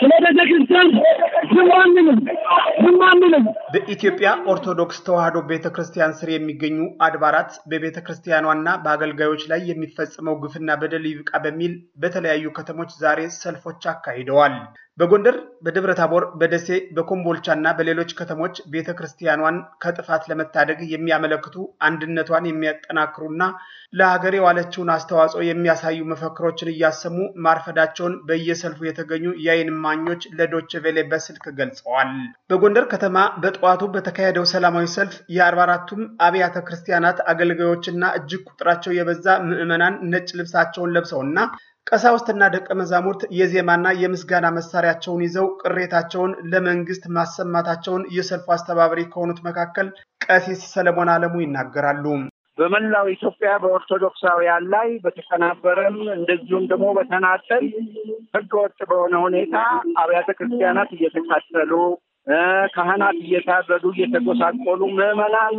Can ቤተክርስቲያን ዝም አንልም፣ ዝም አንልም። በኢትዮጵያ ኦርቶዶክስ ተዋሕዶ ቤተክርስቲያን ስር የሚገኙ አድባራት በቤተክርስቲያኗና በአገልጋዮች ላይ የሚፈጸመው ግፍና በደል ይብቃ በሚል በተለያዩ ከተሞች ዛሬ ሰልፎች አካሂደዋል። በጎንደር፣ በደብረ ታቦር፣ በደሴ፣ በኮምቦልቻ እና በሌሎች ከተሞች ቤተ ክርስቲያኗን ከጥፋት ለመታደግ የሚያመለክቱ አንድነቷን የሚያጠናክሩና ለሀገር የዋለችውን አስተዋጽኦ የሚያሳዩ መፈክሮችን እያሰሙ ማርፈዳቸውን በየሰልፉ የተገኙ የዓይን እማኞች ነዋሪዎች ለዶች ቬሌ በስልክ ገልጸዋል። በጎንደር ከተማ በጠዋቱ በተካሄደው ሰላማዊ ሰልፍ የ44ቱም አብያተ ክርስቲያናት አገልጋዮችና እጅግ ቁጥራቸው የበዛ ምዕመናን ነጭ ልብሳቸውን ለብሰውና ቀሳውስትና ደቀ መዛሙርት የዜማና የምስጋና መሳሪያቸውን ይዘው ቅሬታቸውን ለመንግስት ማሰማታቸውን የሰልፉ አስተባባሪ ከሆኑት መካከል ቀሲስ ሰለሞን አለሙ ይናገራሉ። በመላው ኢትዮጵያ በኦርቶዶክሳውያን ላይ በተቀናበረም እንደዚሁም ደግሞ በተናጠል ህገወጥ በሆነ ሁኔታ አብያተ ክርስቲያናት እየተቃጠሉ ካህናት እየታረዱ እየተጎሳቆሉ ምዕመናን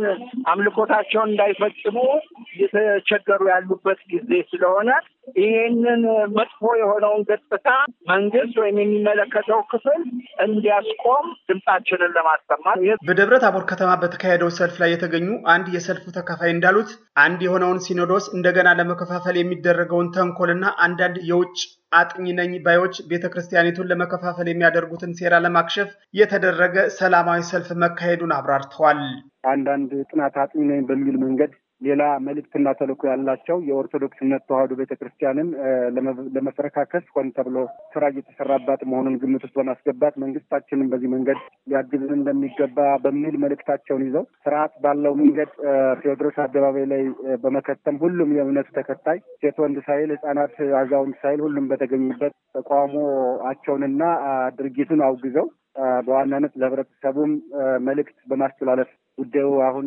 አምልኮታቸውን እንዳይፈጽሙ እየተቸገሩ ያሉበት ጊዜ ስለሆነ ይህንን መጥፎ የሆነውን ገጽታ መንግስት ወይም የሚመለከተው ክፍል እንዲያስቆም ድምጻችንን ለማሰማት በደብረ ታቦር ከተማ በተካሄደው ሰልፍ ላይ የተገኙ አንድ የሰልፉ ተካፋይ እንዳሉት አንድ የሆነውን ሲኖዶስ እንደገና ለመከፋፈል የሚደረገውን ተንኮልና አንዳንድ የውጭ አጥኚ ነኝ ባዮች ቤተ ክርስቲያኒቱን ለመከፋፈል የሚያደርጉትን ሴራ ለማክሸፍ የተደረገ ሰላማዊ ሰልፍ መካሄዱን አብራርተዋል። አንዳንድ ጥናት አጥኚ ነኝ በሚል መንገድ ሌላ መልእክትና ተልዕኮ ያላቸው የኦርቶዶክስ እምነት ተዋህዶ ቤተክርስቲያንን ለመፈረካከስ ሆን ተብሎ ስራ እየተሰራባት መሆኑን ግምት ውስጥ በማስገባት መንግስታችንን በዚህ መንገድ ሊያግዝን እንደሚገባ በሚል መልእክታቸውን ይዘው ስርዓት ባለው መንገድ ቴዎድሮስ አደባባይ ላይ በመከተም ሁሉም የእምነቱ ተከታይ ሴት ወንድ ሳይል፣ ህጻናት አዛውንት ሳይል ሁሉም በተገኙበት ተቃውሞአቸውንና ድርጊቱን አውግዘው በዋናነት ለህብረተሰቡም መልእክት በማስተላለፍ ጉዳዩ አሁን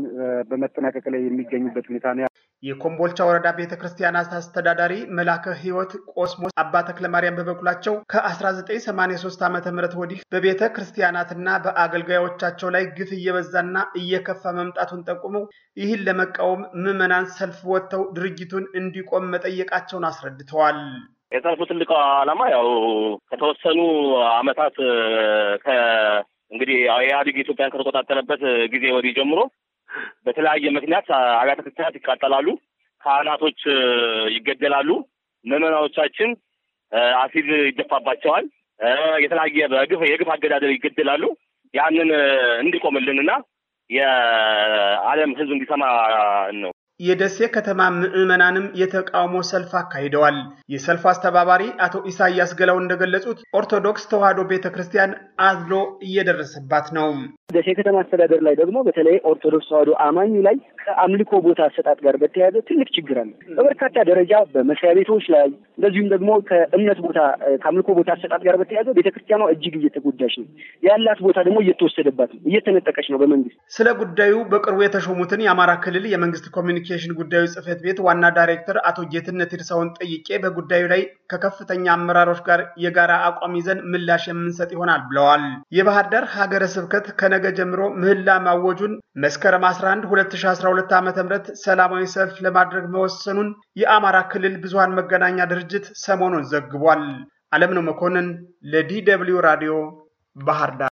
በመጠናቀቅ ላይ የሚገኙበት ሁኔታ ነው። የኮምቦልቻ ወረዳ ቤተ ክርስቲያን አስተዳዳሪ መላከ ሕይወት ቆስሞስ አባ ተክለ ማርያም በበኩላቸው ከ1983 ዓ ም ወዲህ በቤተ ክርስቲያናትና በአገልጋዮቻቸው ላይ ግፍ እየበዛና እየከፋ መምጣቱን ጠቁመው ይህን ለመቃወም ምዕመናን ሰልፍ ወጥተው ድርጅቱን እንዲቆም መጠየቃቸውን አስረድተዋል። የሰልፉ ትልቀው ዓላማ ያው ከተወሰኑ ዓመታት እንግዲህ ኢህአዴግ ኢትዮጵያን ከተቆጣጠረበት ጊዜ ወዲህ ጀምሮ በተለያየ ምክንያት አብያተ ክርስቲያናት ይቃጠላሉ፣ ካህናቶች ይገደላሉ፣ ምዕመናኖቻችን አሲድ ይደፋባቸዋል፣ የተለያየ በግፍ የግፍ አገዳደል ይገደላሉ። ያንን እንዲቆምልንና የዓለም ሕዝብ እንዲሰማ ነው የደሴ ከተማ ምዕመናንም የተቃውሞ ሰልፍ አካሂደዋል። የሰልፉ አስተባባሪ አቶ ኢሳያስ ገላው እንደገለጹት ኦርቶዶክስ ተዋሕዶ ቤተ ክርስቲያን አድሎ እየደረሰባት ነው። ደሴ ከተማ አስተዳደር ላይ ደግሞ በተለይ ኦርቶዶክስ ተዋሕዶ አማኙ ላይ ከአምልኮ ቦታ አሰጣጥ ጋር በተያያዘ ትልቅ ችግር አለ። በበርካታ ደረጃ በመስሪያ ቤቶች ላይ እንደዚሁም ደግሞ ከእምነት ቦታ ከአምልኮ ቦታ አሰጣጥ ጋር በተያያዘ ቤተ ክርስቲያኗ እጅግ እየተጎዳች ነው። ያላት ቦታ ደግሞ እየተወሰደባት ነው፣ እየተነጠቀች ነው በመንግስት። ስለ ጉዳዩ በቅርቡ የተሾሙትን የአማራ ክልል የመንግስት ኮሚኒ ኮሚኒኬሽን ጉዳዮች ጽህፈት ቤት ዋና ዳይሬክተር አቶ ጌትነት ይርሳውን ጠይቄ በጉዳዩ ላይ ከከፍተኛ አመራሮች ጋር የጋራ አቋም ይዘን ምላሽ የምንሰጥ ይሆናል ብለዋል። የባህር ዳር ሀገረ ስብከት ከነገ ጀምሮ ምህላ ማወጁን፣ መስከረም 11 2012 ዓ ም ሰላማዊ ሰልፍ ለማድረግ መወሰኑን የአማራ ክልል ብዙሃን መገናኛ ድርጅት ሰሞኑን ዘግቧል። አለምነው መኮንን ለዲ ደብልዩ ራዲዮ ባህር ዳር